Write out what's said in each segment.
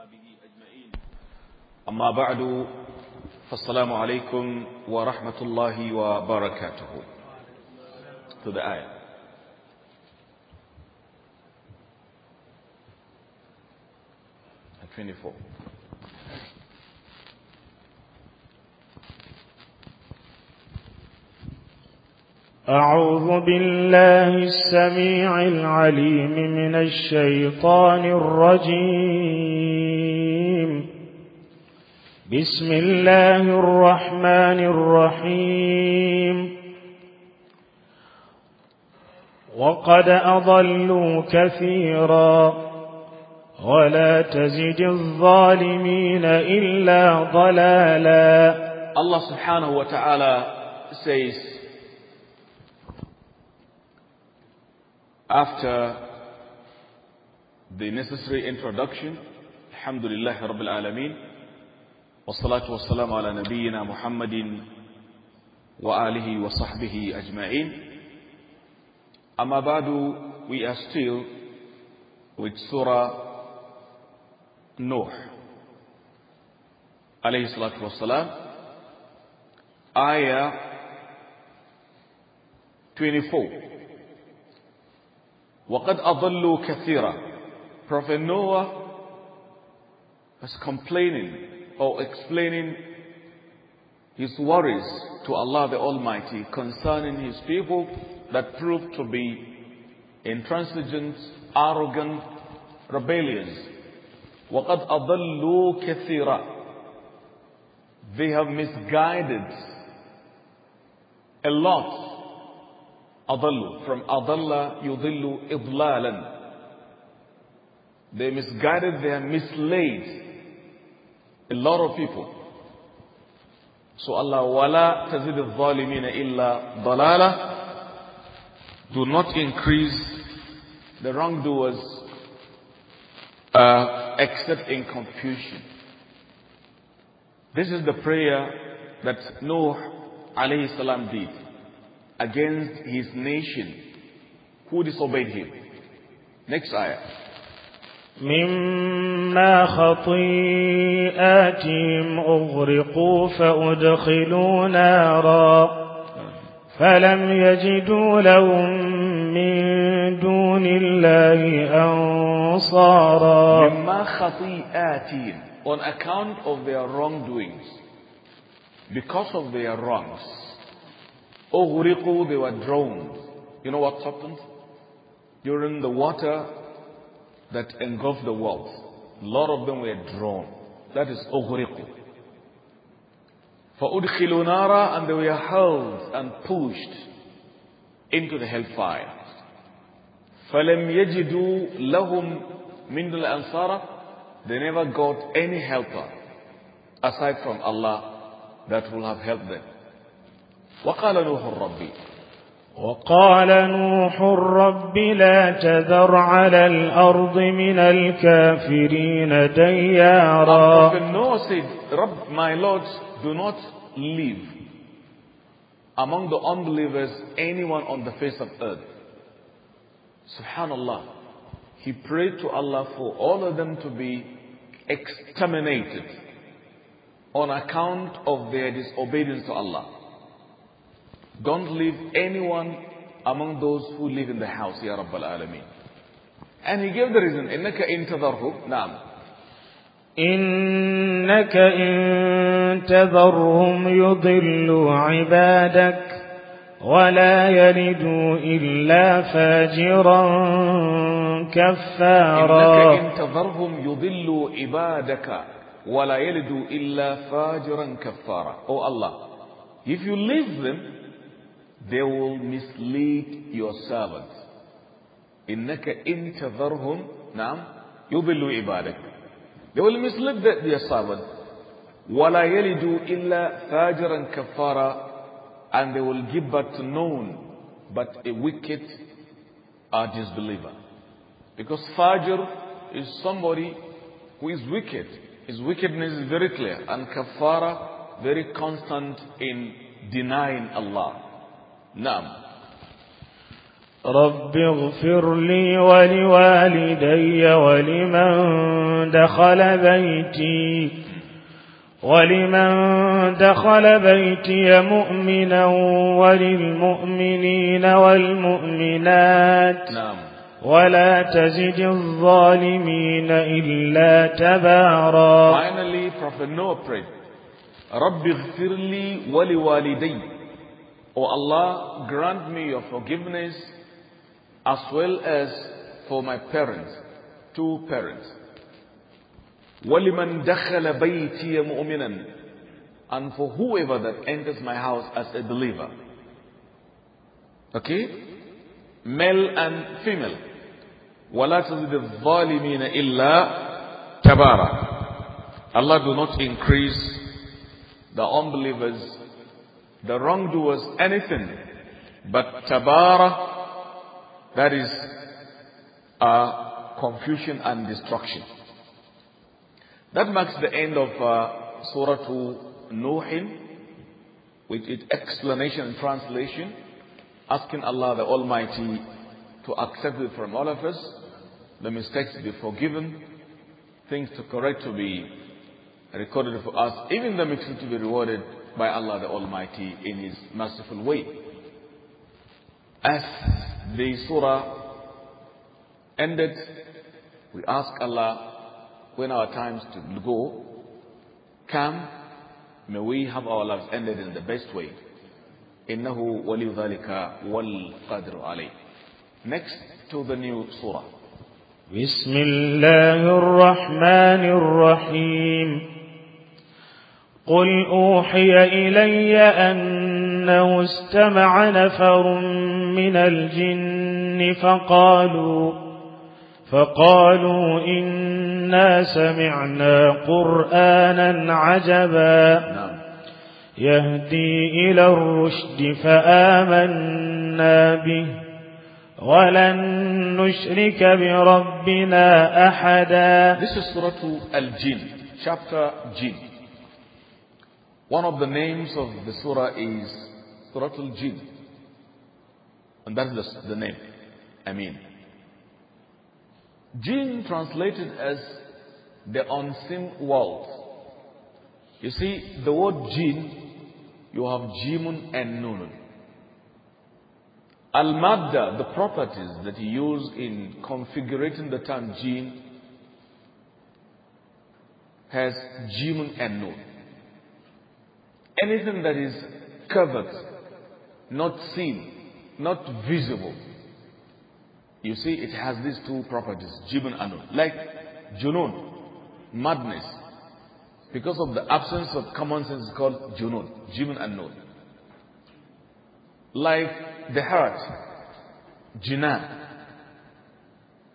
وأصحابه أجمعين أما بعد فالسلام عليكم ورحمة الله وبركاته To the ayah. أعوذ بالله السميع العليم من الشيطان الرجيم بسم الله الرحمن الرحيم وقد أضلوا كثيرا ولا تزد الظالمين إلا ضلالا الله سبحانه وتعالى says after the necessary introduction الحمد لله رب العالمين والصلاة والسلام على نبينا محمد وآله وصحبه أجمعين أما بعد we are still with Surah Nuh عليه الصلاة والسلام Ayah آية 24 وقد أضلوا كثيرا Prophet Noah was complaining or explaining his worries to Allah the Almighty concerning his people that proved to be intransigent, arrogant, rebellious. وَقَدْ أَضَلُّوا كَثِيرًا They have misguided a lot. أَضَلُّوا From أَضَلَّ يُضِلُّ إِضْلَالًا They misguided, they are misled a lot of people. So Allah, wala tazid al mina illa dalala. Do not increase the wrongdoers uh, except in confusion. This is the prayer that Noah alayhi salam did against his nation who disobeyed him. Next ayah. مما خطيئاتهم أغرقوا فأدخلوا نارا فلم يجدوا لهم من دون الله أنصارا مما خطيئاتهم on account of their wrongdoings because of their wrongs أغرقوا they were drowned you know what happened during the water that engulfed the world. A lot of them were drawn. That is Ughriqu. فَأُدْخِلُوا نَارًا And they were held and pushed into the hellfire. فَلَمْ يَجِدُوا لَهُمْ مِنْ الْأَنْصَارَ They never got any helper aside from Allah that will have helped them. وَقَالَ نُوحُ الرَّبِّ وقال نوح رب لا تذر على الأرض من الكافرين ديارا رب my Lord, do not leave among the unbelievers anyone on the face of earth. سبحان الله He prayed to Allah for all of them to be exterminated on account of their disobedience to Allah. Don't leave anyone among those who live in the house, Ya Rabbal alameen And he gave the reason, إِنَّكَ إِن تَذَرْهُمْ نعم إِنَّكَ إِن تَذَرْهُمْ يُضِلُّوا عِبَادَكَ ولا يلدوا إلا فاجرا كفارا إنك إن تذرهم يُضِلُّ عبادك ولا يلدوا الا فاجرا كفارا انك ان تذرهم يُضِلُّ عبادك ولا يلدوا الا فاجرا كفارا Oh Allah, if you leave them, they will mislead your servants. إِنَّكَ إِن Nam نعم يُضِلُّ عِبَادَكَ They will mislead the, their servants. وَلَا يَلِدُوا إِلَّا فَاجِرًا كَفَّارًا And they will give but to but a wicked a disbeliever. Because fajr is somebody who is wicked. His wickedness is very clear. And kafara, very constant in denying Allah. نعم رب اغفر لي ولوالدي ولمن دخل بيتي ولمن دخل بيتي مؤمنا وللمؤمنين والمؤمنات نعم ولا تزد الظالمين إلا تبارا Finally Prophet Noah prayed رب اغفر لي ولوالدي O oh Allah, grant me your forgiveness as well as for my parents, two parents. وَلِمَنْ دَخَلَ بَيْتِيَ مُؤْمِنًا And for whoever that enters my house as a believer. Okay? Male and female. وَلَا تَزِدِ الظَّالِمِينَ إِلَّا تَبَارًا Allah do not increase the unbelievers the wrongdoers anything but tabara, that is uh, confusion and destruction. That marks the end of uh, Surah Him, with its explanation and translation, asking Allah the Almighty to accept it from all of us, the mistakes to be forgiven, things to correct to be recorded for us, even the mistakes to be rewarded by Allah the Almighty in His merciful way. As the surah ended, we ask Allah when our times to go come, may we have our lives ended in the best way. إنه ولي wal qadru عليه. Next to the new surah. بسم الله الرحمن الرحيم قل أوحي إلي أنه استمع نفر من الجن فقالوا فقالوا إنا سمعنا قرآنا عجبا نعم. يهدي إلى الرشد فآمنا به ولن نشرك بربنا أحدا This is Surah Al-Jinn, chapter Jinn. One of the names of the surah is Surah Al-Jinn. And that's the, the name. I mean. Jinn translated as the unseen world. You see, the word jinn, you have jimun and nunun. Al-Madda, the properties that he used in configuring the term jinn, has jimun and nunun. Anything that is covered, not seen, not visible. You see, it has these two properties, jibun anun, like junun, madness. Because of the absence of common sense, it's called junun, jibun anun. Like the heart, jinan,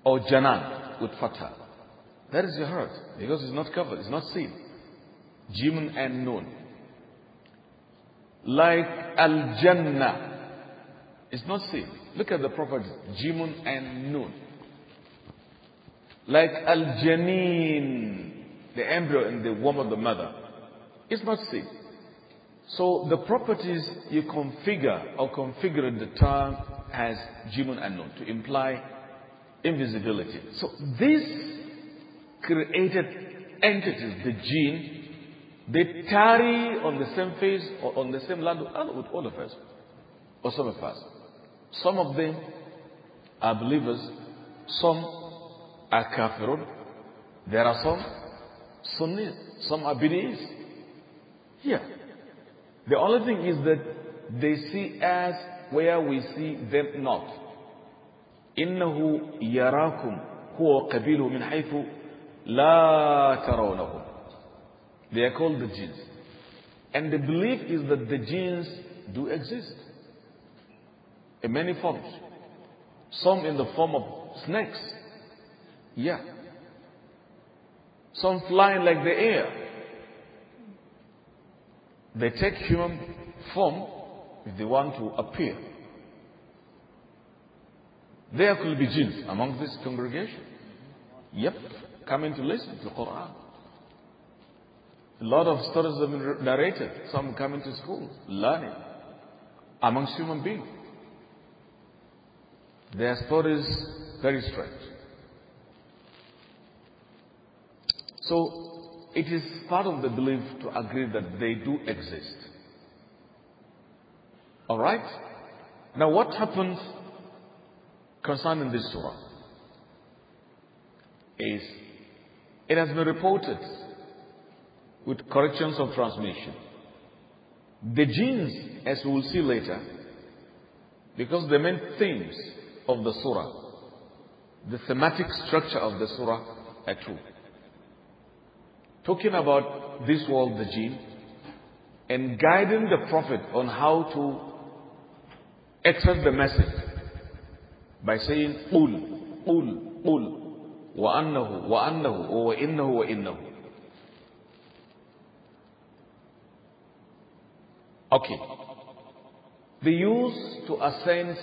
or janan with fatah. That is your heart, because it's not covered, it's not seen. Jimun and like Al Jannah. It's not safe. Look at the properties Jimun and Nun. Like Al Janin, the embryo in the womb of the mother. It's not safe. So the properties you configure or configure the term as Jimun and Nun to imply invisibility. So these created entities, the gene, they tarry on the same face or on the same land with all of us, or some of us. Some of them are believers, some are kafirun, there are some Sunnis, some are Bidis. Yeah. The only thing is that they see us where we see them not. إنه يراكم هو قبيله من حيث لا ترونهم they are called the jinns. And the belief is that the jinns do exist in many forms. Some in the form of snakes. Yeah. Some flying like the air. They take human form if they want to appear. There could be jinns among this congregation. Yep, coming to listen to the Quran. A lot of stories have been narrated. Some coming to school, learning amongst human beings. Their stories very strange. So it is part of the belief to agree that they do exist. All right. Now, what happens concerning this surah is it has been reported with corrections of transmission. The genes, as we will see later, because the main themes of the surah, the thematic structure of the surah are true. Talking about this world, the jinn, and guiding the Prophet on how to express the message by saying, قُل, قُل, قُل, وَأَنَّهُ, وَأَنَّهُ, وَإِنَّهُ, وَإِنَّهُ. Okay. They used to ascend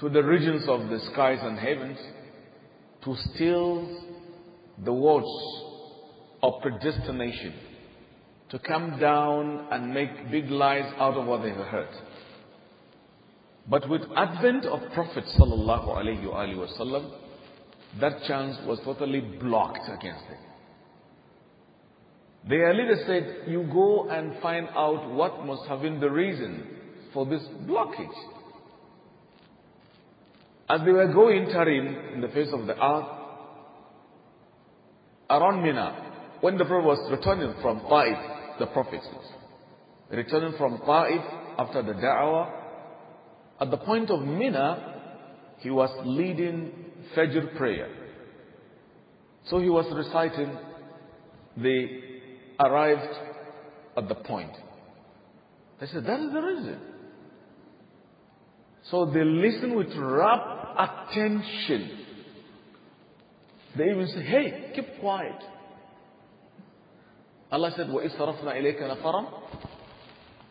to the regions of the skies and heavens to steal the words of predestination, to come down and make big lies out of what they have heard. But with advent of Prophet sallallahu alaihi wasallam, that chance was totally blocked against them. The leader said, you go and find out what must have been the reason for this blockage. As they were going tarrying in the face of the earth, around Mina, when the Prophet was returning from Ta'if, the Prophet was returning from Ta'if after the da'wah, at the point of Mina, he was leading Fajr prayer. So he was reciting the arrived at the point. They said, that is the reason. So they listen with rapt attention. They even say, hey, keep quiet. Allah said, وَإِذْ صَرَفْنَا إِلَيْكَ نَفَرًا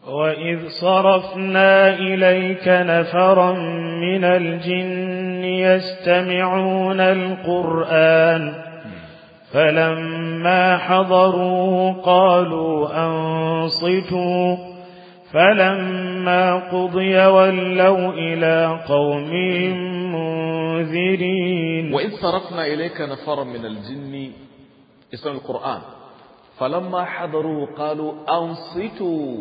وَإِذْ صَرَفْنَا إِلَيْكَ نَفَرًا مِنَ الْجِنِّ يَسْتَمِعُونَ الْقُرْآنَ فلما حضروا قالوا أنصتوا فلما قضي ولوا إلى قومهم منذرين وإذ صرفنا إليك نفرا من الجن اسم القرآن فلما حضروا قالوا أنصتوا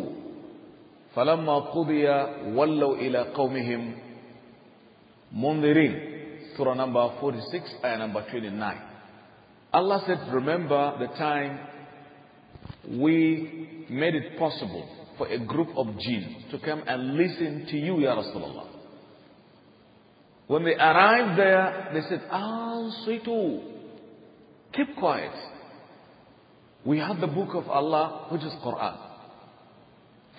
فلما قضي ولوا إلى قومهم منذرين سورة نمبر 46 آية نمبر 29 Allah said, Remember the time we made it possible for a group of jinn to come and listen to you, Ya Rasulullah. When they arrived there, they said, Ansitu, keep quiet. We have the book of Allah, which is Quran.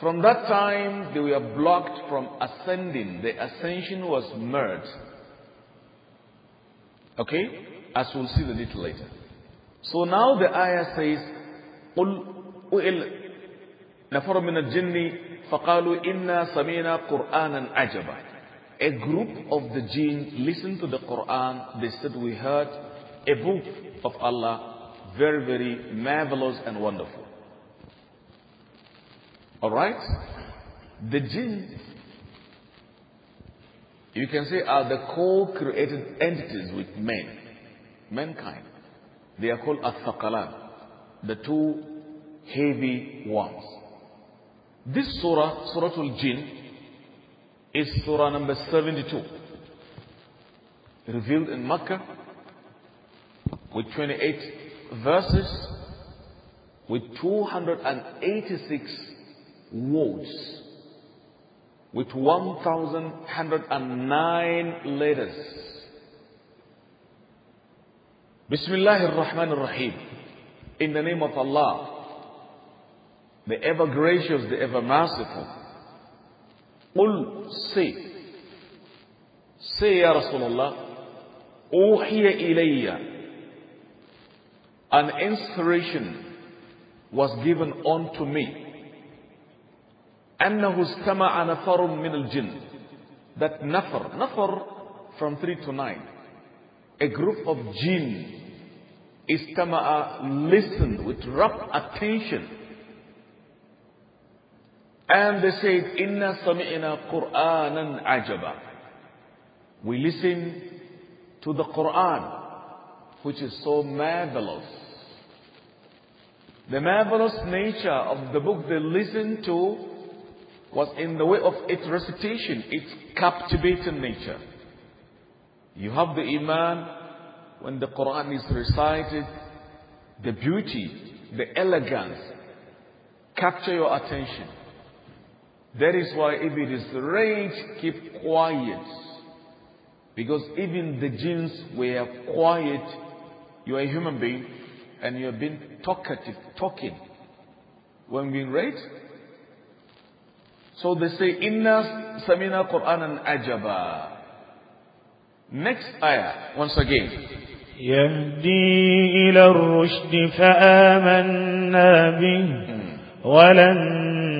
From that time, they were blocked from ascending. The ascension was merged. Okay? As we'll see a little later. So now the ayah says, قُلْ أُئِلْ نَفَرُ مِنَ الْجِنِّ فَقَالُوا إِنَّا سَمِينَا قُرْآنًا عَجَبًا A group of the jinn listened to the Quran. They said, we heard a book of Allah, very, very marvelous and wonderful. All right? The jinn, you can say, are the co-created entities with men, mankind. They are called Al-Thaqalan, the two heavy ones. This surah, Surah Al-Jinn, is surah number 72, revealed in Mecca with 28 verses with 286 words with 1109 letters Bismillah ar-Rahman ar-Rahim. In the name of Allah, the ever gracious, the ever merciful. Qul say, say Ya Rasulullah, Uhiya ilayya. An inspiration was given unto me. أنه استمع min al jinn. That nafar, nafar from three to nine a group of jinn istama'a listened with rapt attention. And they said, Inna sami'na Qur'anan ajaba. We listen to the Qur'an, which is so marvelous. The marvelous nature of the book they listened to was in the way of its recitation, its captivating nature. You have the iman when the Quran is recited, the beauty, the elegance capture your attention. That is why if it is rage, keep quiet. Because even the jinns were quiet. You are a human being and you have been talkative, talking. When we read, so they say, Inna samina Qur'an an ajaba. Next ayah, once again. يهدي إلى الرشد فآمنا به ولن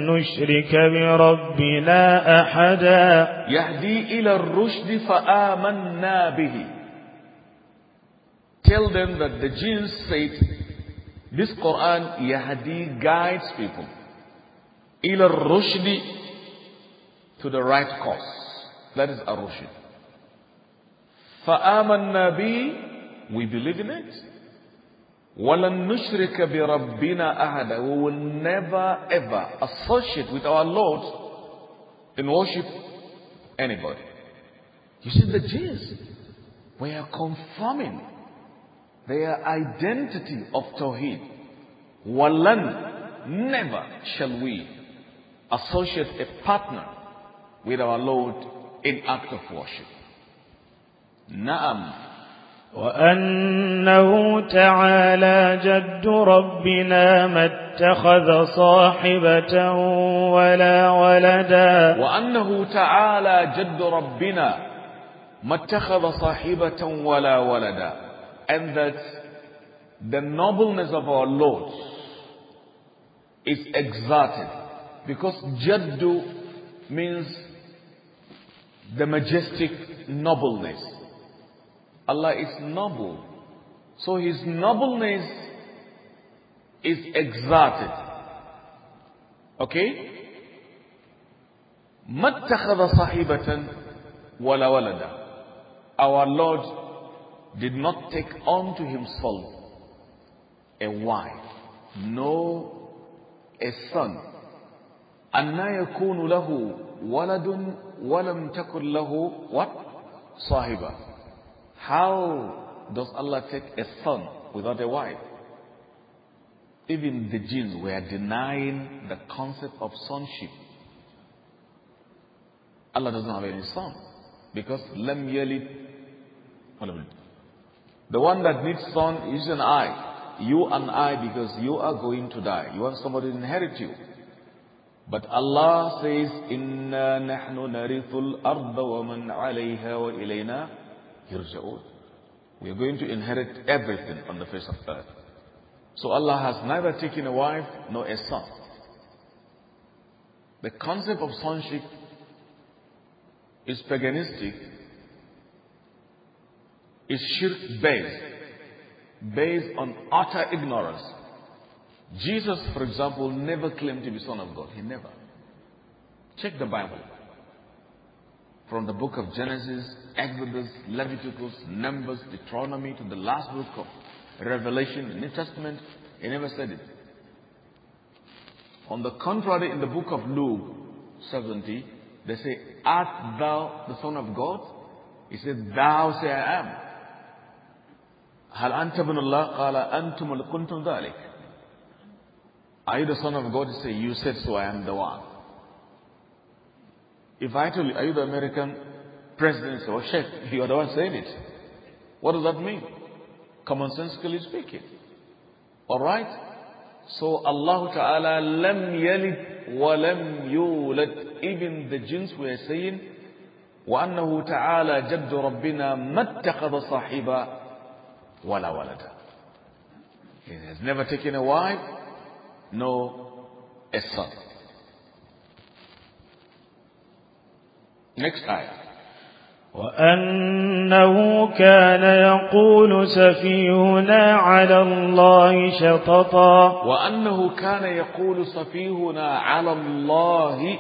نشرك بربنا أحدا يهدي إلى الرشد فآمنا به Tell them that the Jews said, this Quran, Yahdi guides people. إلى الرشد to the right course. That is ar-rushd. فآمنا به we believe in it ولن نشرك بربنا أحدا we will never ever associate with our Lord in worship anybody you see the Jews we are confirming their identity of Tawheed ولن never shall we associate a partner with our Lord in act of worship نعم وأنه تعالى جد ربنا ما اتخذ صاحبة ولا ولدا وأنه تعالى جد ربنا ما اتخذ صاحبة ولا ولدا and that the nobleness of our Lord is exalted because جد means the majestic nobleness Allah is noble. So His nobleness is exalted. Okay? مَتَّخَذَ صَحِبَةً وَلَا وَلَدًا Our Lord did not take unto Himself a wife, no a son. أَنَّا يَكُونُ لَهُ وَلَدٌ وَلَمْ تَكُنْ لَهُ what? صَاحِبًا how does Allah take a son without a wife? Even the jinns were denying the concept of sonship. Allah doesn't have any son because lam yalid. The one that needs son is an I. You and I because you are going to die. You want somebody to inherit you. But Allah says, "Inna nahnu narithul arda wa man alayha wa ilayna يرجعون we are going to inherit everything on the face of earth so Allah has neither taken a wife nor a son the concept of sonship is paganistic is shirk based based on utter ignorance Jesus, for example, never claimed to be Son of God. He never. Check the Bible from the book of Genesis, Exodus, Leviticus, Numbers, Deuteronomy to the last book of Revelation, the New Testament, he never said it. On the contrary, in the book of Luke 70, they say, Art thou the Son of God? He said, Thou say I am. هل أنت ابن الله قال أنتم كنتم ذلك Are you the son of God? He said, You said so, I am the one. If I tell you, are you the American president or sheikh? You are the one saying it. What does that mean? Common sensically speaking. Alright? So Allah Ta'ala lam yalid wa lam yulad. Even the jinns were saying, Taala تعالى جد ربنا ما اتخذ wa ولا walada. He has never taken a wife, no a son. Next ayah. وأنه كان يقول سفيهنا على الله شططا وأنه كان يقول سفيهنا على الله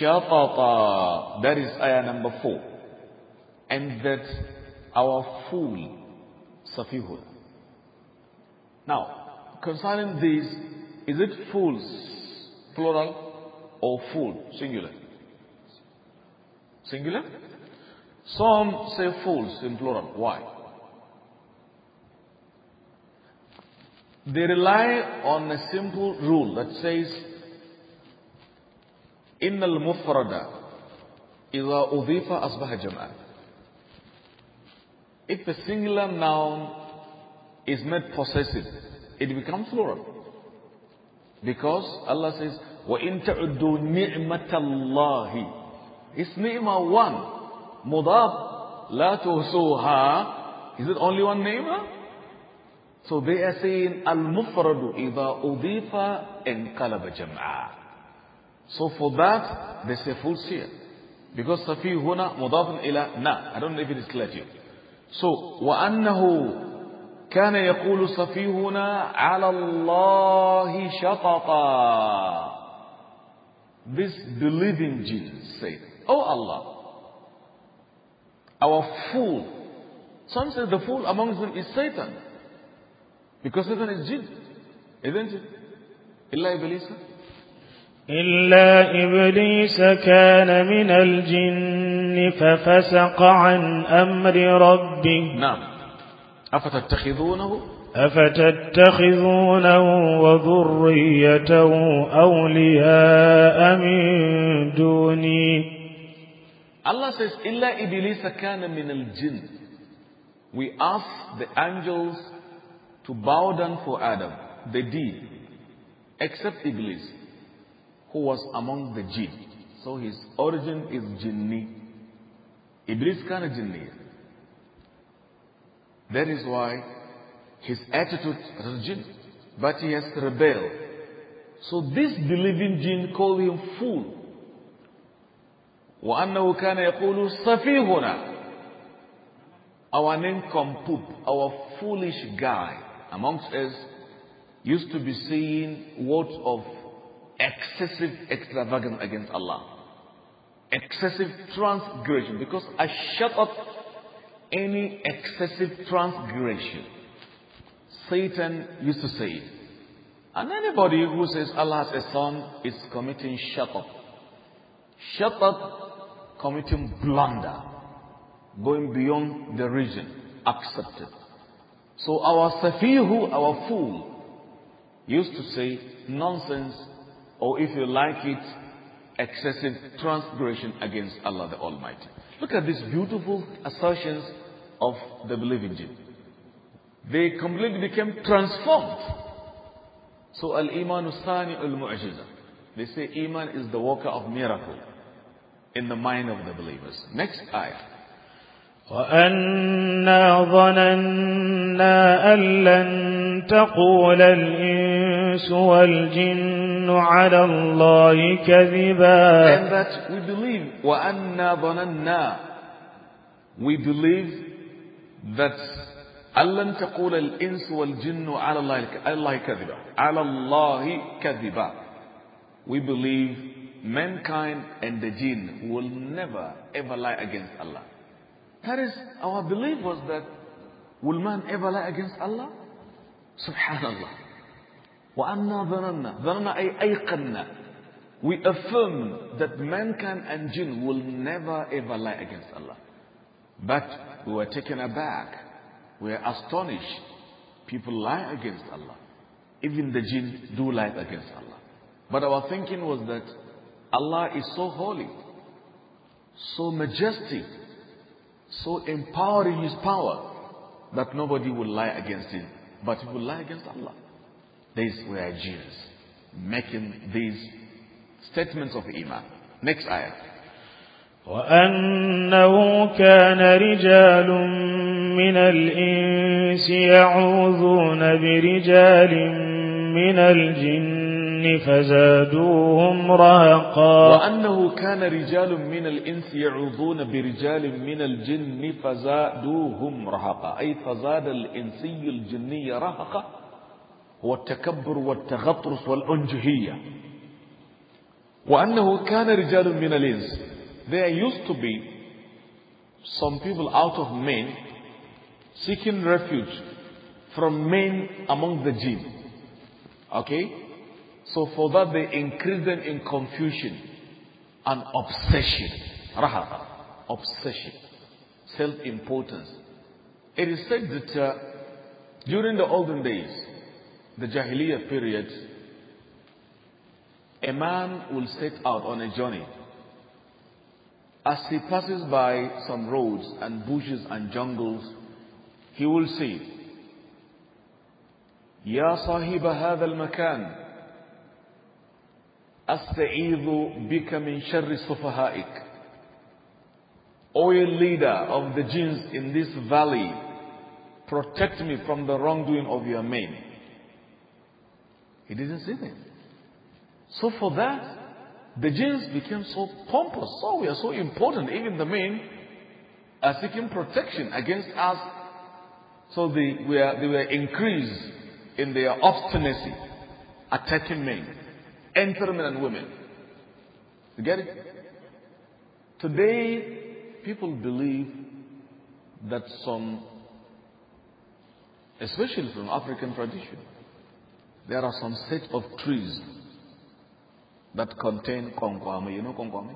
شططا That is ayah number four. And that our fool سفيهنا Now, concerning this, is it fools plural or fool singular? Singular? Some say fools in plural. Why? They rely on a simple rule that says, إن المفرد إذا أضيف أصبح جمعا. If a singular noun is made possessive, it becomes plural. Because Allah says, وَإِن تَعُدُّوا نِعْمَةَ اللَّهِ اسمي ما one مضاف لا تهسوها is it only one name so they are saying المفرد إذا أضيف انقلب جمعا so for that they say full seal because صفي هنا مضاف إلى نا I don't know if it is clear to you so وأنه كان يقول صفيهنا على الله شططا this believing Jesus said Oh Allah, our fool. Some say the fool amongst them is Satan. Because Satan is jinn, isn't it? إلا إبليس إلا إبليس كان من الجن ففسق عن أمر ربه نعم أفتتخذونه أفتتخذونه وذريته أولياء من دوني Allah says, إِلَّا kana min al jinn." We ask the angels to bow down for Adam. They did. Except Iblis, who was among the jinn. So his origin is jinni. Iblis kana jinni. That is why his attitude is jinn. But he has rebelled. So this believing jinn called him fool. وأنه كان يقول سفيهنا our nincompoop, our foolish guy amongst us used to be saying words of excessive extravagance against Allah. Excessive transgression because I shut up any excessive transgression. Satan used to say it. And anybody who says Allah has a son is committing shut up shut up committing blunder, going beyond the reason accepted. So our safihu, our fool, used to say nonsense or if you like it, excessive transgression against Allah the Almighty. Look at these beautiful assertions of the believing jinn. They completely became transformed. So al-imanu sani al mu'jizah. They say Iman is the worker of miracle in the mind of the believers. Next ayah. وأنا ظننا أن تقول الإنس والجن على الله كذبا And that we believe وأنا ظننا We believe that أن تقول الإنس والجن على الله كذبا على الله كذبا we believe mankind and the jinn will never ever lie against Allah. That is, our belief was that will man ever lie against Allah? Subhanallah. وَأَنَّا ظَنَنَّا ظَنَنَّا أَيْ أَيْقَنَّا We affirm that mankind and jinn will never ever lie against Allah. But we were taken aback. We were astonished. People lie against Allah. Even the jinn do lie against Allah. But our thinking was that Allah is so holy, so majestic, so empowering His power that nobody will lie against Him, but He will lie against Allah. These were Jews making these statements of Iman. Next ayah. وأنه كان رجال من الإنس يعوذون برجال من الجن الجن فزادوهم رهقا وأنه كان رجال من الإنس يعوذون برجال من الجن فزادوهم رهقا أي فزاد الإنسي الجني رهقا هو التكبر والتغطرس والأنجهية وأنه كان رجال من الإنس There used to be some people out of men seeking refuge from men among the jinn. Okay? So for that they increase them in confusion and obsession. Raha, obsession, self-importance. It is said that uh, during the olden days, the Jahiliyyah period, a man will set out on a journey. As he passes by some roads and bushes and jungles, he will say, sahiba, صاحب al-makan. أستعيذ بك من شر سفهائك O leader of the jinns in this valley, protect me from the wrongdoing of your men. He didn't see me. So for that, the jinns became so pompous, so we are so important, even the men are seeking protection against us. So they were, they were increased in their obstinacy, attacking men enter men and women. You get it? Today, people believe that some, especially from African tradition, there are some set of trees that contain konkwame. You know konkwame?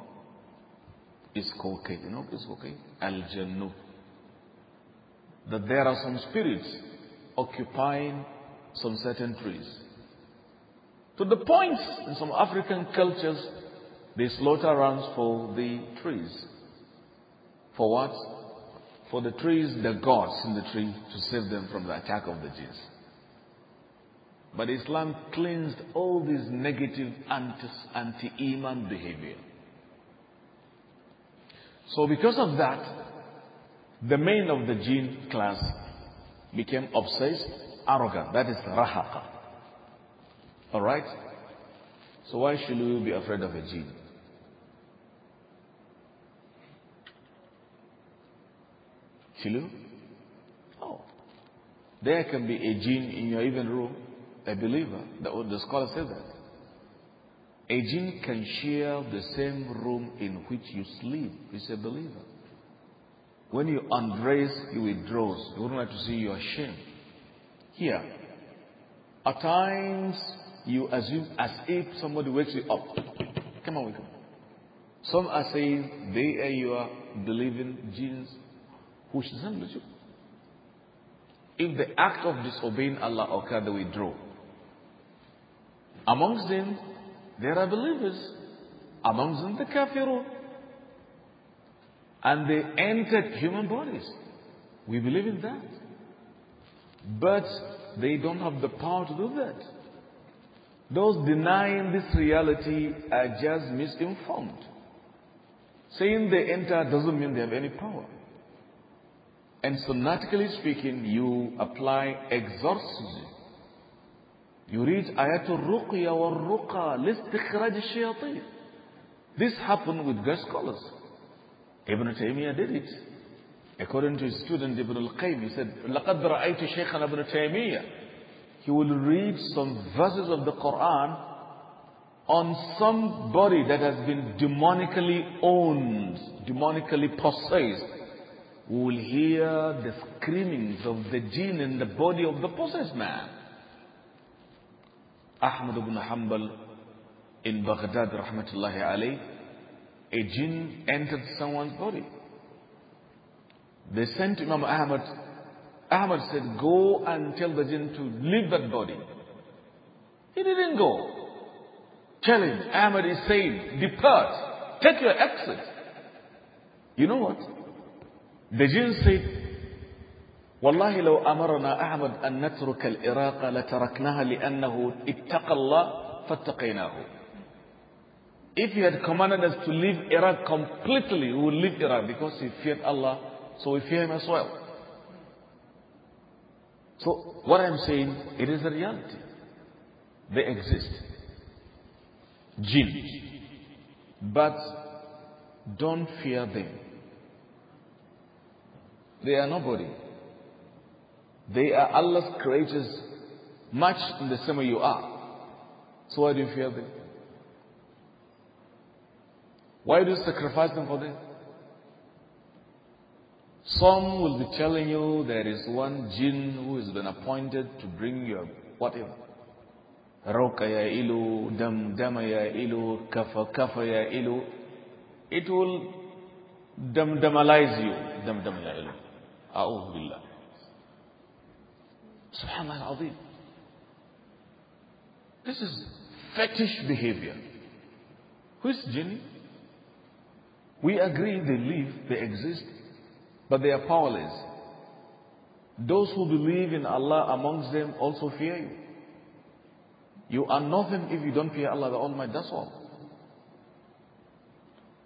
It's cocaine. You know it's cocaine? Aljanu. That there are some spirits occupying some certain trees. To the point, in some African cultures, they slaughter rams for the trees. For what? For the trees, the gods in the tree, to save them from the attack of the jinns. But Islam cleansed all this negative anti Iman behavior. So, because of that, the main of the jinn class became obsessed, arrogant. That is rahaqa. Alright? So why should we be afraid of a jinn? Should you? Oh. There can be a jinn in your even room, a believer. The, the scholar says that. A jinn can share the same room in which you sleep. He's a believer. When you undress, he withdraws. He wouldn't like to see your shame. Here, at times you assume as if somebody wakes you up. Come on, wake up. Some are saying they are your believing genes which resembles you. If the act of disobeying Allah occurred, they withdraw. Amongst them, there are believers. Amongst them, the kafirun. And they entered human bodies. We believe in that. But they don't have the power to do that. Those denying this reality are just misinformed. Saying they enter doesn't mean they have any power. And synaptically speaking, you apply exorcism. You read Ayatul Ruqya wa Ruqa, listikhraj shayateen. This happened with great scholars. Ibn Taymiyyah did it. According to his student Ibn al-Qayyim, he said, لَقَدْ رَأَيْتُ شَيْخًا Ibn Taymiyyah he will read some verses of the Quran on somebody that has been demonically owned, demonically possessed. We will hear the screamings of the jinn in the body of the possessed man. Ahmad ibn Hanbal in Baghdad, rahmatullahi alayh, a jinn entered someone's body. They sent Imam Ahmad Ahmad said, go and tell the jinn to leave that body. He didn't go. Tell him, Ahmad is saved. Depart. Take your exit. You know what? The jinn said, والله لو أمرنا an أن al-Iraqa لتركناها لأنه اتقى الله فاتقيناه. If he had commanded us to leave Iraq completely, we would leave Iraq because he feared Allah, so we fear him as well. So, what I'm saying, it is a reality. They exist. Jinn. But don't fear them. They are nobody. They are Allah's creatures, much in the same way you are. So why do you fear them? Why do you sacrifice them for them? Some will be telling you there is one jinn who has been appointed to bring your whatever. Roka ya ilu, dam dama ya ilu, kafa kafa ya ilu. It will damalize you. Dam dama ya ilu. A'udhu billah. Subhanallah al-Azim. This is fetish behavior. Who is jinn? We agree they live, they exist, but they are powerless. Those who believe in Allah amongst them also fear you. You are nothing if you don't fear Allah the Almighty, that's all.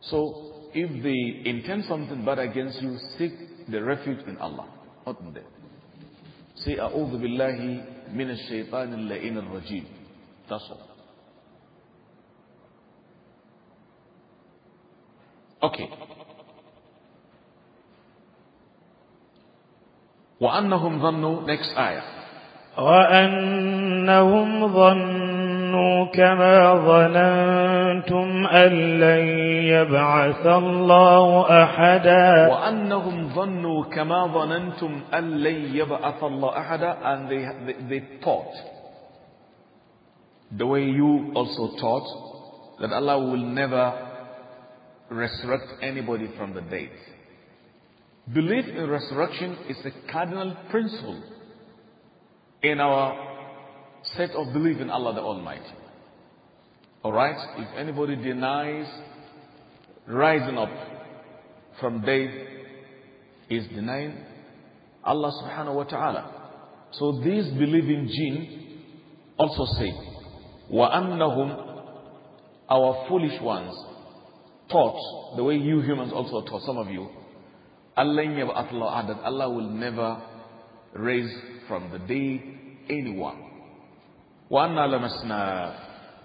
So, if they intend something bad against you, seek the refuge in Allah, not in them. Say, أعوذ بالله من الشيطان al-rajim. That's all. Okay. وأنهم ظنوا next آية وأنهم ظنوا كما ظننتم أن لن يبعث الله أحدا وأنهم ظنوا كما ظننتم أن لن يبعث الله أحدا and they, they, they thought the way you also thought that Allah will never resurrect anybody from the dead Belief in resurrection is a cardinal principle in our set of belief in Allah the Almighty. Alright? If anybody denies rising up from death, is denying Allah subhanahu wa ta'ala. So these believing jinn also say, وَأَنَّهُمْ Our foolish ones taught, the way you humans also taught, some of you, Allah that Allah will never raise from the dead anyone. وأنا لمسنا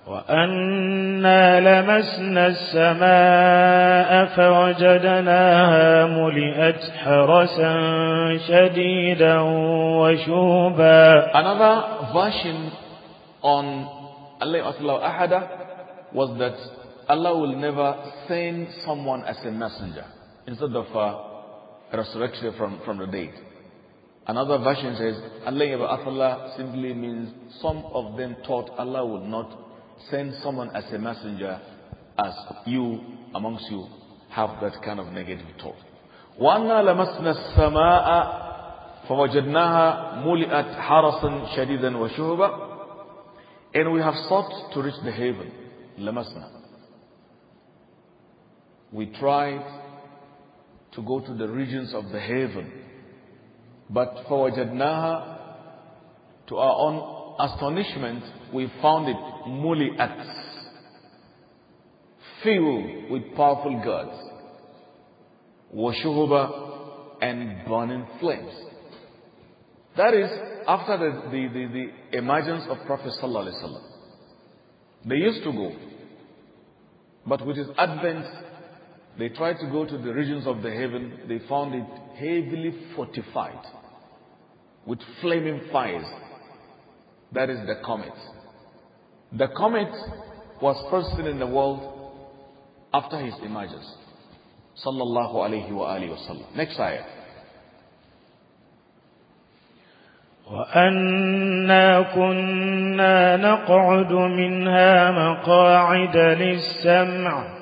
وأنا لمسنا السماء فوجدناها ملئت حرسا شديدا وشوبا Another version on Allah Atla Ahada was that Allah will never send someone as a messenger instead of uh, resurrection from, from the dead. Another version says, Allah Afallah simply means some of them thought Allah would not send someone as a messenger as you, amongst you, have that kind of negative thought. وَأَنَّا لَمَسْنَا السَّمَاءَ فَوَجَدْنَاهَا مُلِئَتْ حَرَسًا شَدِيدًا وَشُهُبًا And we have sought to reach the heaven. لَمَسْنَا We tried to go to the regions of the heaven. But for فوجدناها to our own astonishment, we found it muliat, filled with powerful gods, washuhuba, and burning flames. That is after the, the, the, the emergence of Prophet Sallallahu Alaihi Wasallam. They used to go, but with his advent, they tried to go to the regions of the heaven. They found it heavily fortified with flaming fires. That is the comet. The comet was first seen in the world after his emergence. Sallallahu alayhi wa alayhi wa sallam. Next ayah. وأنا كنا نقعد منها مقاعد للسمع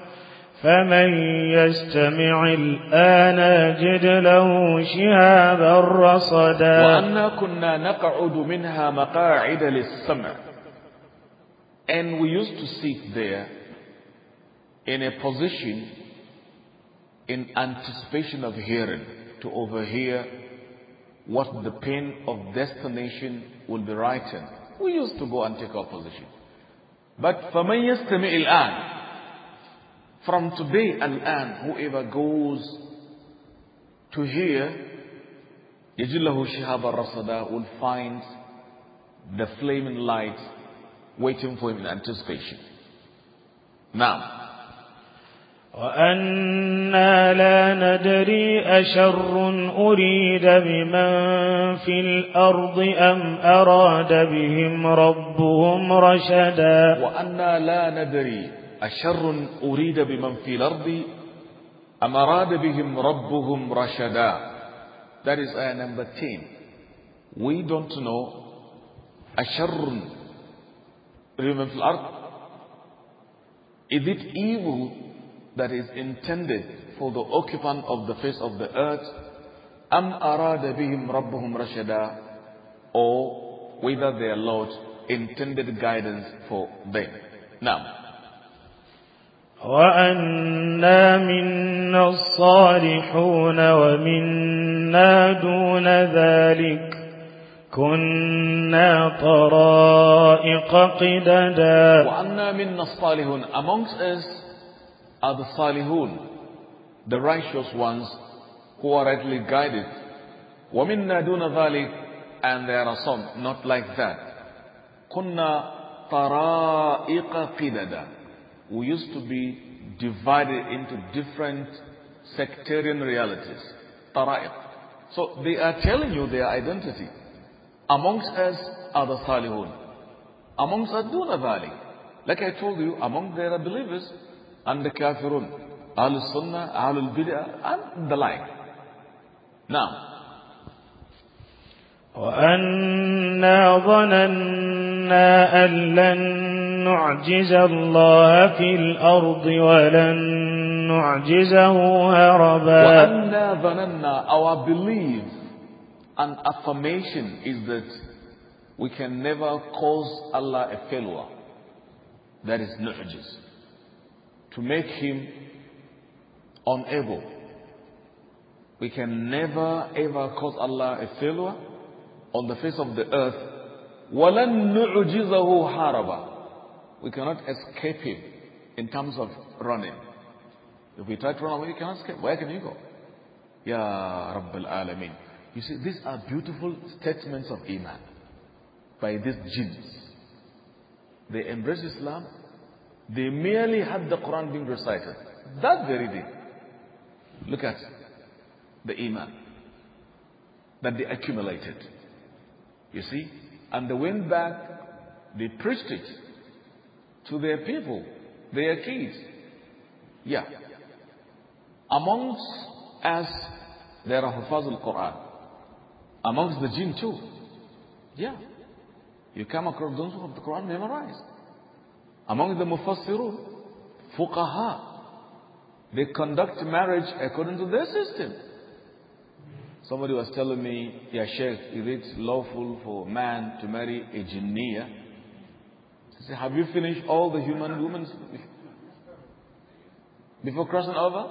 فمن يستمع الآن له وأنا كنا نقعد منها مقاعد للسمع And we used to sit there in a position in anticipation of hearing to overhear what the pen of destination will be writing. We used to go and take our position. But فَمَنْ يَسْتَمِعِ الْآنِ from today, Al-An, whoever goes to here, Yajillahu Shihab al-Rasada will find the flaming light waiting for him in anticipation. Now, وأنا لا ندري أشر أريد بمن في الأرض أم أراد بهم ربهم رشدا وأنا لا ندري أشر أريد بمن في الأرض أم أراد بهم ربهم رشدا That is ayah number 10 We don't know أشر أريد بمن في الأرض Is it evil that is intended for the occupant of the face of the earth? أم أراد بهم ربهم رشدا Or whether their Lord intended guidance for them. Now, وأنا منا الصالحون ومنا دون ذلك كنا طرائق قددا وأنا منا الصالحون amongst us are the صالحون the righteous ones who are rightly guided ومنا دون ذلك and there are some not like that كنا طرائق قددا we used to be divided into different sectarian realities, tara'ib. So they are telling you their identity. Amongst us are the salihun. Amongst us duna dhalik. Like I told you, among there are believers and the kafirun, ahlul sunnah, ahlul bid'ah and the like. Now, وأنا ظننا أن نعجز الله في الأرض ولن نعجزه هربا وأنا ظننا our belief and affirmation is that we can never cause Allah a failure that is nu'jiz to make him unable we can never ever cause Allah a failure on the face of the earth وَلَن نُعْجِزَهُ haraba we cannot escape him in terms of running. If we try to run away, we cannot escape. Where can you go? Ya al Alameen. You see, these are beautiful statements of Iman by these jinns. They embrace Islam. They merely had the Quran being recited. That very day. Look at the Iman that they accumulated. You see? And they went back, they preached it to their people, their kids. Yeah. Amongst us, there are Hufaz al-Quran. Amongst the jinn too. Yeah. You come across those who have the Quran memorized. Among the Mufassirun, Fuqaha, they conduct marriage according to their system. Somebody was telling me, Ya Sheikh, is it lawful for a man to marry a jinniya? Say, have you finished all the human women before crossing over?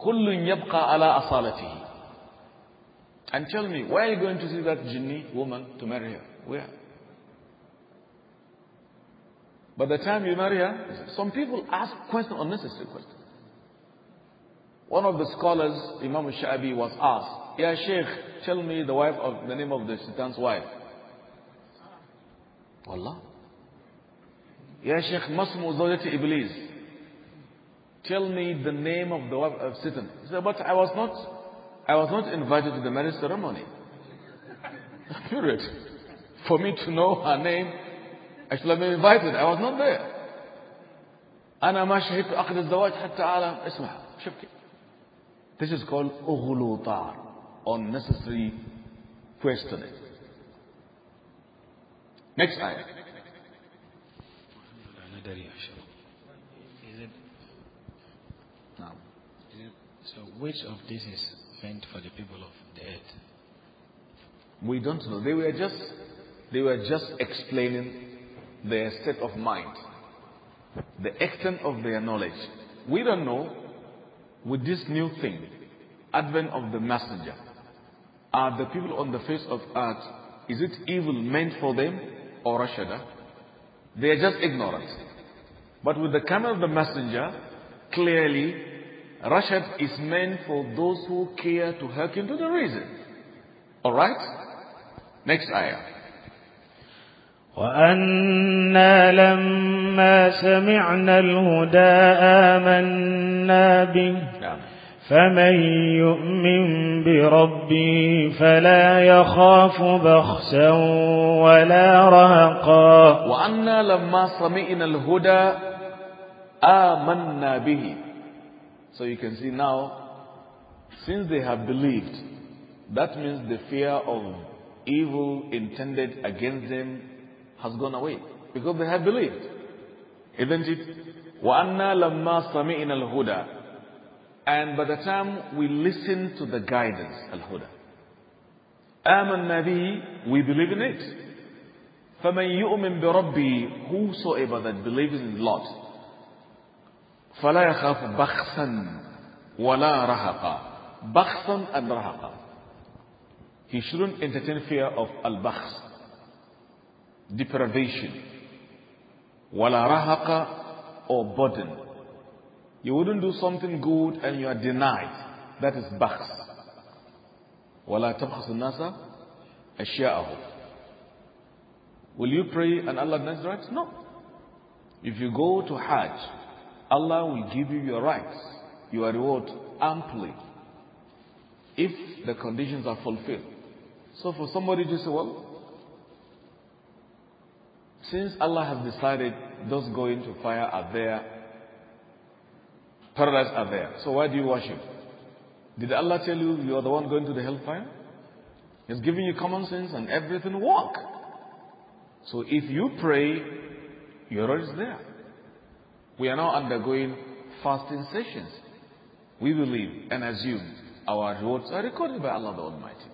كل يبقى على أصالته. And tell me, where are you going to see that jinni woman to marry her? Where? By the time you marry her, some people ask questions, unnecessary questions. One of the scholars, Imam Sha'abi, was asked, Ya Sheikh, tell me the wife of the name of the Shaitan's wife. Wallah. Ya Sheikh, Masmu Zawjati Iblis. Tell me the name of the wife of Satan. He said, but I was not, I was not invited to the marriage ceremony. Period. For me to know her name, I should have been invited. I was not there. أنا ما شهدت عقد الزواج حتى أعلم اسمها. شوف This is called أغلوطار unnecessary questioning. Next ayah. Is it, no. is it, so which of this is meant for the people of the earth? We don't know. They were just they were just explaining their state of mind, the extent of their knowledge. We don't know with this new thing, advent of the messenger. Are the people on the face of earth, is it evil meant for them? or Rashada, they are just ignorant. But with the coming of the messenger, clearly, Rashad is meant for those who care to hearken to the reason. Alright? Next ayah. وأنا لما سمعنا الهدى آمنا به فمن يؤمن بربي فلا يخاف بخسا ولا رهقا وأنا لما سمعنا الهدى آمنا به So you can see now, since they have believed, that means the fear of evil intended against them has gone away. Because they have believed. Isn't it? وَأَنَّا لَمَّا سَمِعِنَا الْهُدَى And by the time we listen to the guidance, Al-Huda. Amanna bihi, we believe in it. فَمَنْ يُؤْمِنْ بِرَبِّهِ Whosoever that believes in Lot. فَلَا يَخَافُ بَخْسًا وَلَا رَهَقًا بَخْسًا and رَهَقًا He shouldn't entertain fear of al-bakhs, deprivation, وَلَا رَهَقًا or burden. You wouldn't do something good and you are denied. That is bakhs. وَلَا تَبْخَسُ النَّاسَ أَشْيَاءَهُ Will you pray and Allah denies rights? No. If you go to Hajj, Allah will give you your rights, your reward amply, if the conditions are fulfilled. So for somebody to say, well, since Allah has decided those going to fire are there Paradise are there. So why do you worship? Did Allah tell you you are the one going to the hellfire? He's giving you common sense and everything. Walk. So if you pray, you're already there. We are now undergoing fasting sessions. We believe and assume our rewards are recorded by Allah the Almighty.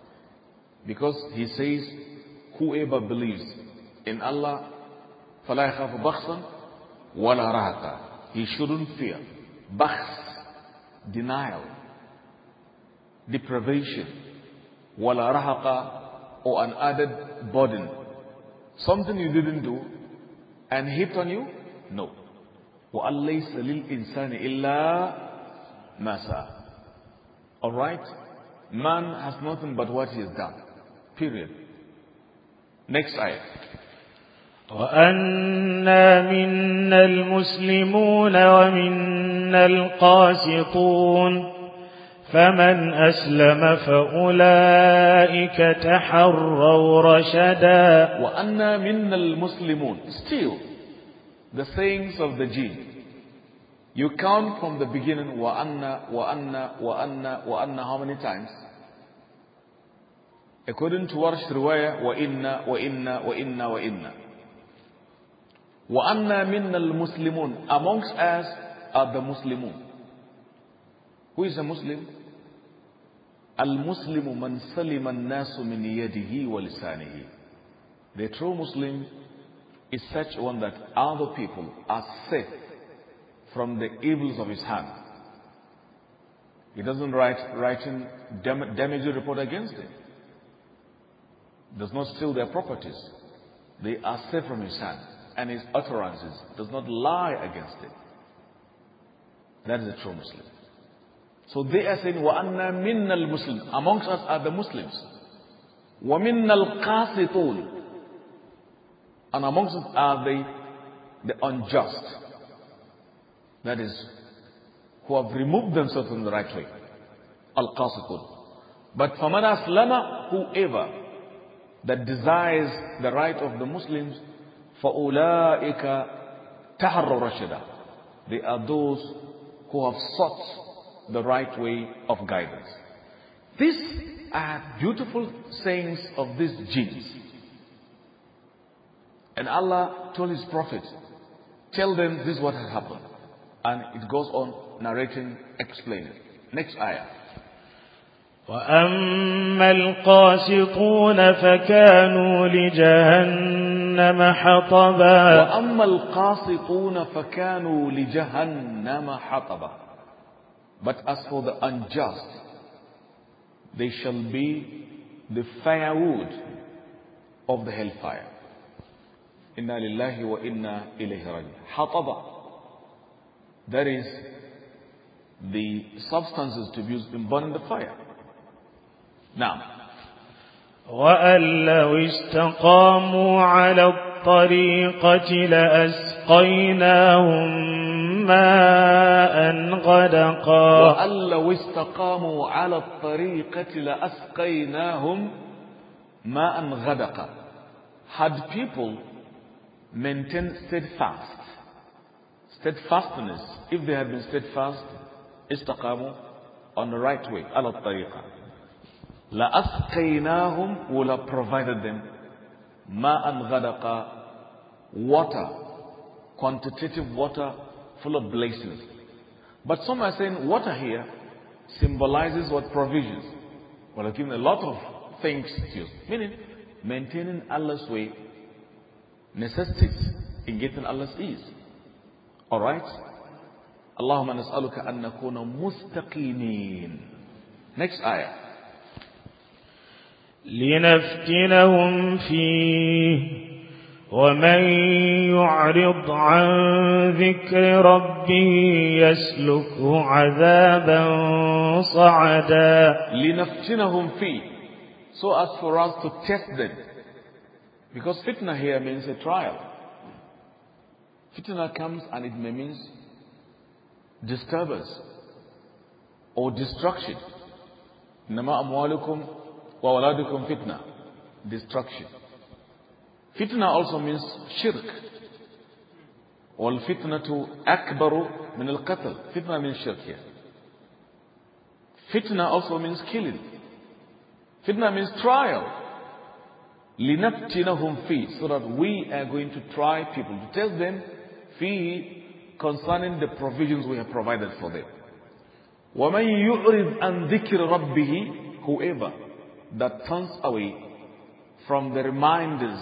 Because He says, whoever believes in Allah, فَلَا يَخَافُ بَخْصًا وَلَا رَهَقًا He shouldn't fear. Bakhs, denial, deprivation, wala rahaqa, or an added burden. Something you didn't do and hit on you? No. وَأَلَّيْسَ لِلْإِنسَانِ إِلَّا مَسَى Alright? Man has nothing but what he has done. Period. Next ayah. وأنا منا المسلمون ومنا القاسطون فمن أسلم فأولئك تحروا رشدا وأنا منا المسلمون still the sayings of the jinn you count from the beginning وأنا وأنا وأنا وأنا how many times according to Warsh Ruwaya وإنا وإنا وإنا وإنا, وإنا. Amongst us are the Muslimun. Who is a Muslim? Al-Muslimu man salima nasu min yadihi wa lisanihi. The true Muslim is such one that other people are safe from the evils of his hand. He doesn't write writing dam damage report against them. Does not steal their properties. They are safe from his hand and his utterances, does not lie against it. That is a true Muslim. So they are saying, وَأَنَّا al الْمُسْلِمِ Amongst us are the Muslims. al الْقَاسِطُونَ And amongst us are the, the unjust. That is, who have removed themselves from the right way. Al-qasitun. But فَمَنْ أَسْلَمَ Whoever that desires the right of the Muslims فَأُولَٰئِكَ تَحَرُّ رَشِدًا They are those who have sought the right way of guidance. These are beautiful sayings of these jinns. And Allah told His Prophet, tell them this is what has happened. And it goes on narrating, explaining. Next ayah. وأما القاسطون فكانوا لجهنم جهنم حطبا وأما القاسطون فكانوا لجهنم حطبا But as for the unjust, they shall be the firewood of the hellfire. إنا لله وإنا إليه راجعون حطبا That is the substances to be used in burning the fire. Now, وأن لو استقاموا على الطريقة لأسقيناهم ماء غدقا وأن لو استقاموا على الطريقة لأسقيناهم ماء غدقا Had people maintained steadfast, steadfastness, if they had been steadfast, استقاموا on the right way, على الطريقة لَأَسْقَيْنَاهُمْ will have provided them مَاءً غَدَقًا water, quantitative water full of blessings. But some are saying water here symbolizes what provisions. Well, I've given a lot of things to you. Meaning, maintaining Allah's way necessities in getting Allah's ease. Alright? اللهم نسألك أن نكون مستقيمين. Next ayah. لنفتنهم فيه ومن يعرض عن ذكر ربه يسلكه عذابا صعدا لنفتنهم فيه so as for us to test them because fitna here means a trial fitna comes and it may mean disturbance or destruction إنما أموالكم وَوَلَادُكُمْ fitna, Destruction. Fitna also means shirk. وَالْفِتْنَةُ أَكْبَرُ مِنَ الْقَتْلِ Fitna means shirk here. Fitna also means killing. Fitna means trial. لِنَفْتِنَهُمْ فِي So that we are going to try people, to test them فِي concerning the provisions we have provided for them. وَمَنْ يُعْرِضْ أَنْ ذِكْرِ رَبِّهِ Whoever that turns away from the reminders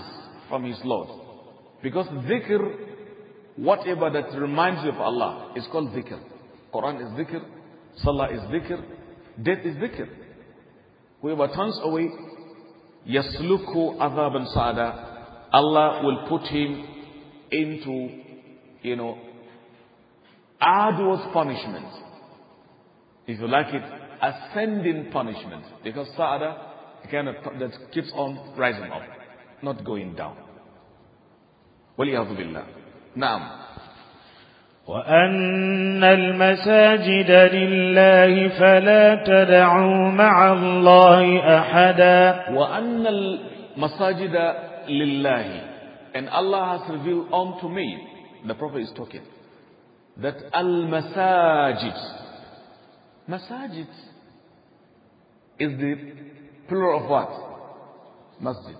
from his Lord. Because dhikr, whatever that reminds you of Allah, is called dhikr. Quran is dhikr, Salah is dhikr, death is dhikr. Whoever turns away, yasluku adhaban sa'ada, Allah will put him into, you know, arduous punishment. If you like it, ascending punishment. Because sa'ada kind of that keeps on rising up, not going down. وَلِيَعْذُ بِاللَّهِ نعم وأن المساجد لله فلا تدعوا مع الله أحدا وأن المساجد لله and Allah has revealed unto me the Prophet is talking that al-masajid masajid is the Plural of what? Masjid.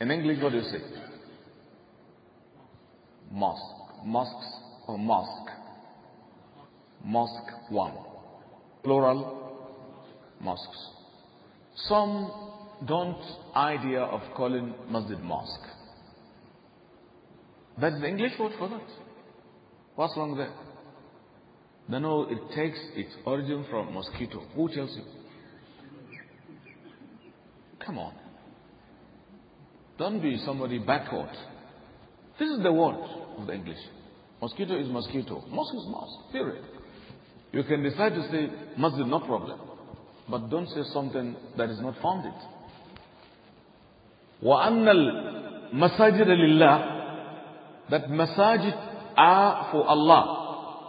In English, what do you say? Mosque. Mosques or mosque? Mosque one. Plural, mosques. Some don't idea of calling masjid mosque. That's the English word for that. What's wrong there? They know it takes its origin from mosquito. Who tells you? Come on. Don't be somebody backward. This is the world of the English. Mosquito is mosquito. Mosque is mosque, period. You can decide to say Muslim, no problem. But don't say something that is not founded. وَأَنَّ الْمَسَاجِدَ لِلَّهِ That masajid are for Allah.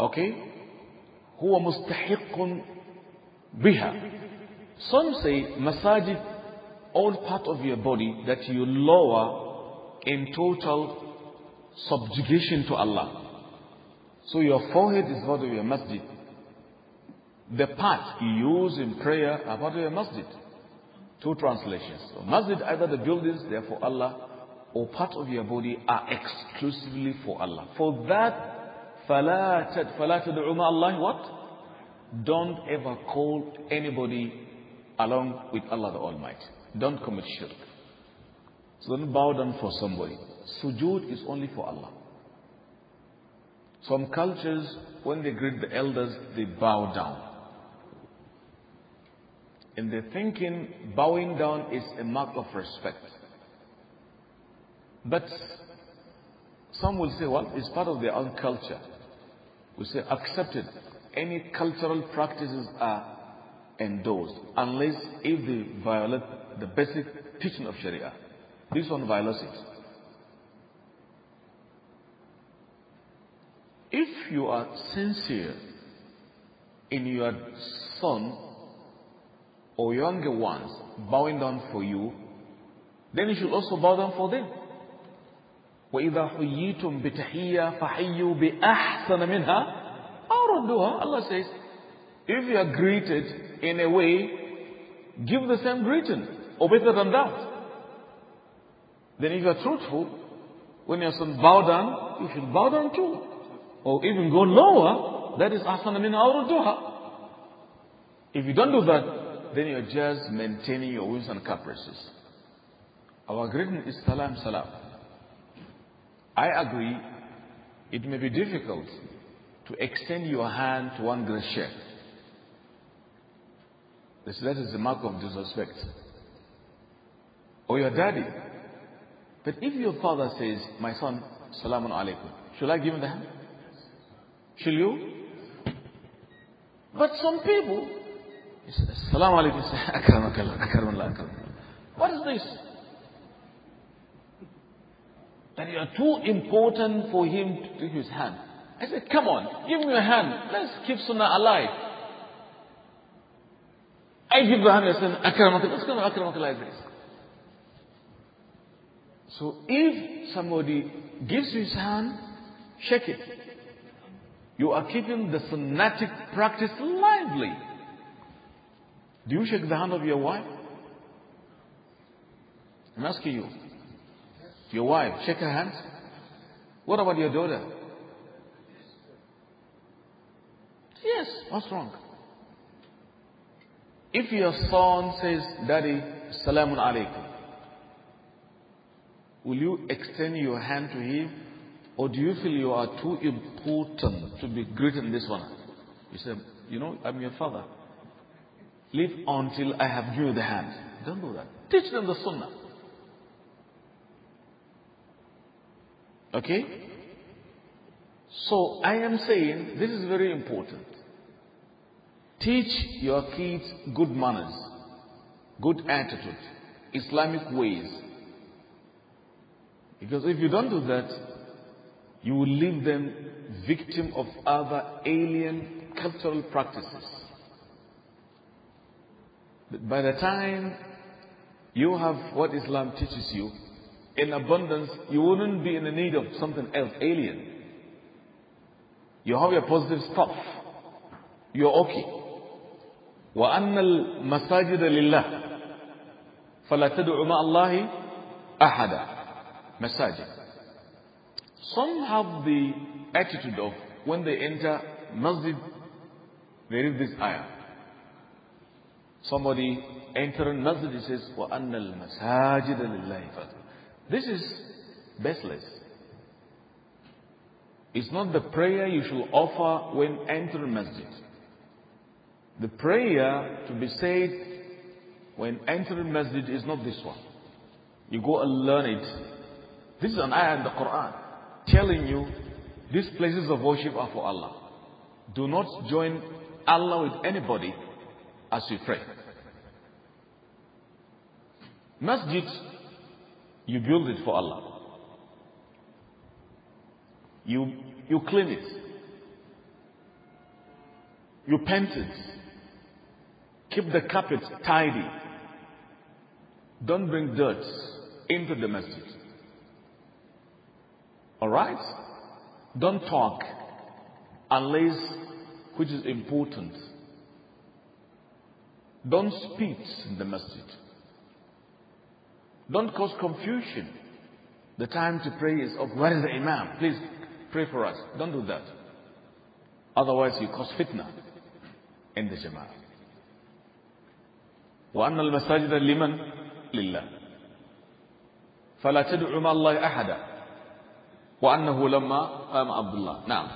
Okay? هو مستحق بها some say masjid all part of your body that you lower in total subjugation to Allah. So your forehead is part of your masjid. The part you use in prayer are part of your masjid. Two translations. So masjid, either the buildings, therefore for Allah, or part of your body are exclusively for Allah. For that, فَلَا تَدْعُ مَا اللَّهِ What? Don't ever call anybody along with Allah the Almighty. Don't commit shirk. So don't bow down for somebody. Sujud is only for Allah. Some cultures, when they greet the elders, they bow down. In their thinking, bowing down is a mark of respect. But some will say, well, it's part of their own culture. We say accepted. Any cultural practices are endorsed unless if they violate the basic teaching of Sharia. This one violates it. If you are sincere in your son or younger ones bowing down for you, then you should also bow down for them. وإذا حييتم بتحية فحيوا بأحسن منها أو ردوها Allah says if you are greeted in a way, give the same greeting or better than that. Then if you're truthful, when your son bow down, you should bow down too. Or even go lower, that is asana min duha. If you don't do that, then you're just maintaining your whims and caprices. Our greeting is salam salam. I agree, it may be difficult to extend your hand to one great sheikh. They said, that is the mark of disrespect. Or your daddy. But if your father says, my son, salamun alaikum, should I give him the hand? Should you? But some people, salamu alaikum, akramak What is this? That you are too important for him to give his hand. I said, come on, give me your hand. Let's keep sunnah alive. I give the hundred, then akramatullah, what's going on akramatullah this? So if somebody gives his hand, shake it. You are keeping the sunnatic practice lively. Do you shake the hand of your wife? I'm asking you. Your wife, shake her hand. What about your daughter? Yes, what's wrong? If your son says, Daddy, Salamun Alaikum, will you extend your hand to him? Or do you feel you are too important to be greeted in this one? You say, You know, I'm your father. Live until I have given you the hand. Don't do that. Teach them the sunnah. Okay? So I am saying this is very important. Teach your kids good manners, good attitude, Islamic ways. Because if you don't do that, you will leave them victim of other alien cultural practices. But by the time you have what Islam teaches you in abundance, you wouldn't be in the need of something else, alien. You have your positive stuff. You're okay. وأن المساجد لله فلا تَدُعُ مع الله أحدا مساجد Some have the attitude of when they enter masjid, they read this ayah. Somebody entering masjid, he says, وَأَنَّ الْمَسَاجِدَ لِلَّهِ فَاتُ This is baseless. It's not the prayer you should offer when entering masjid. The prayer to be said when entering masjid is not this one. You go and learn it. This is an ayah in the Quran telling you these places of worship are for Allah. Do not join Allah with anybody as you pray. Masjid, you build it for Allah. You, you clean it. You paint it. Keep the carpet tidy. Don't bring dirt into the masjid. All right? Don't talk unless which is important. Don't speak in the masjid. Don't cause confusion. The time to pray is up. where is the imam? Please pray for us. Don't do that. Otherwise you cause fitna in the jama'ah. وأن المساجد لمن؟ لله فلا تدعوا مع الله أحدا وأنه لما قام عبد الله نعم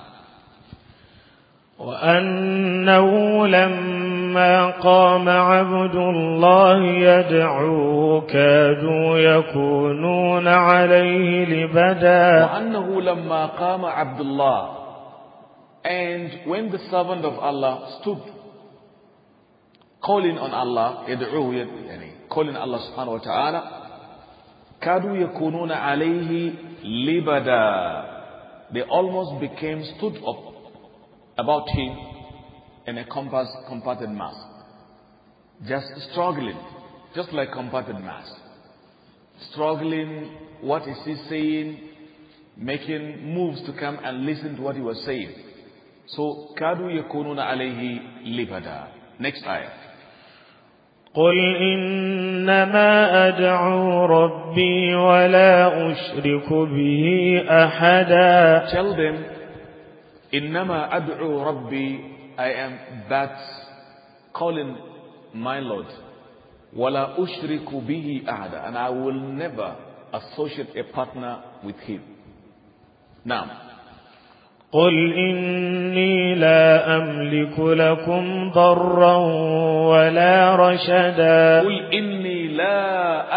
وأنه لما قام عبد الله يدعوه كادوا يكونون عليه لبدا وأنه لما قام عبد الله and when the servant of Allah stood calling on Allah يدعوه يعني calling Allah سبحانه وتعالى كادوا يكونون عليه لبدا they almost became stood up about him in a compass compacted mass just struggling just like compacted mass struggling what is he saying making moves to come and listen to what he was saying so كادوا يكونون عليه لبدا next ayah قل إنما أدعو ربي ولا أشرك به أحدا Tell them إنما أدعو ربي I am but calling my Lord ولا أشرك به أحدا and I will never associate a partner with him Now قل إني لا أملك لكم ضرا ولا رشدا قل إني لا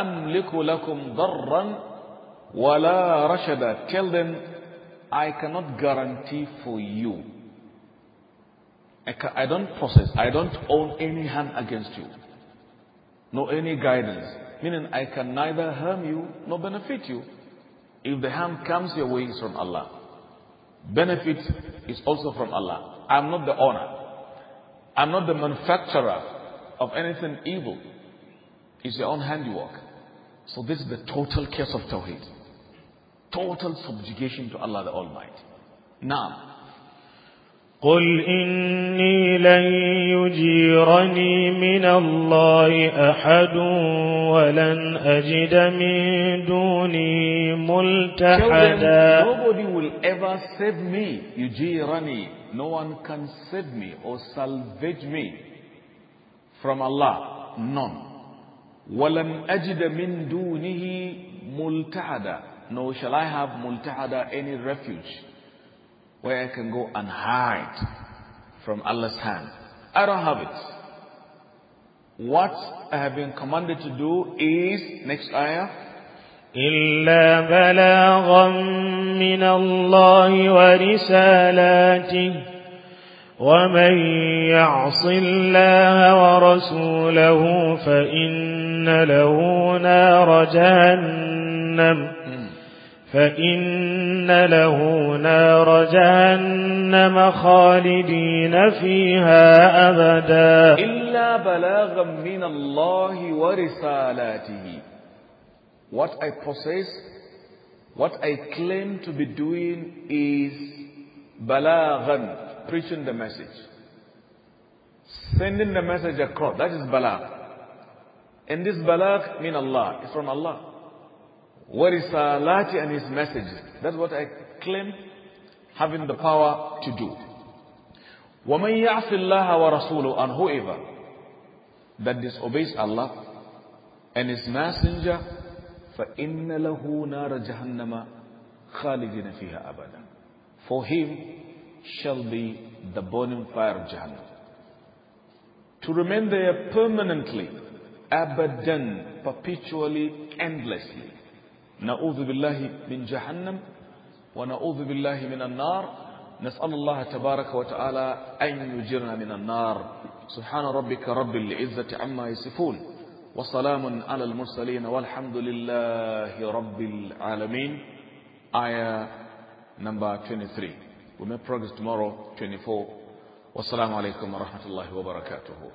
أملك لكم ضرا ولا رشدا Tell them I cannot guarantee for you I, can, I don't possess I don't own any hand against you no any guidance meaning I can neither harm you nor benefit you if the harm comes your way is from Allah Benefit is also from Allah. I'm not the owner. I'm not the manufacturer of anything evil. It's your own handiwork. So this is the total case of Tawheed. Total subjugation to Allah the Almighty. Now, قل إني لن يجيرني من الله أحد ولن أجد من دوني ملتحدا Nobody will ever save me يجيرني No one can save me or salvage me from Allah None ولن أجد من دونه ملتحدا Nor shall I have ملتحدا any refuge where I can go and hide from Allah's hand. I don't have it. What I have been commanded to do is, next ayah, إلا بلاغا من الله ورسالاته ومن يعص الله ورسوله فإن له نار جهنم فإن له نار جهنم خالدين فيها أبدا إلا بلاغا من الله ورسالاته What I possess, what I claim to be doing is balaghan, preaching the message. Sending the message across, that is balagh. And this balagh mean Allah, it's from Allah. What is Salati and his messages? That's what I claim having the power to do. وَمَنْ يَعْصِ اللَّهَ وَرَسُولُهُ And whoever that disobeys Allah and His Messenger, فَإِنَّ لَهُ نَارَ جَهَنَّمَ خَالِدِينَ فِيهَا أَبَدًا For him shall be the burning fire of Jahannam. To remain there permanently, abadan, perpetually, endlessly. نعوذ بالله من جهنم ونعوذ بالله من النار نسأل الله تبارك وتعالى أن يجرنا من النار سبحان ربك رب العزة عما يصفون وسلام على المرسلين والحمد لله رب العالمين آية number 23 we make progress tomorrow 24 والسلام عليكم ورحمة الله وبركاته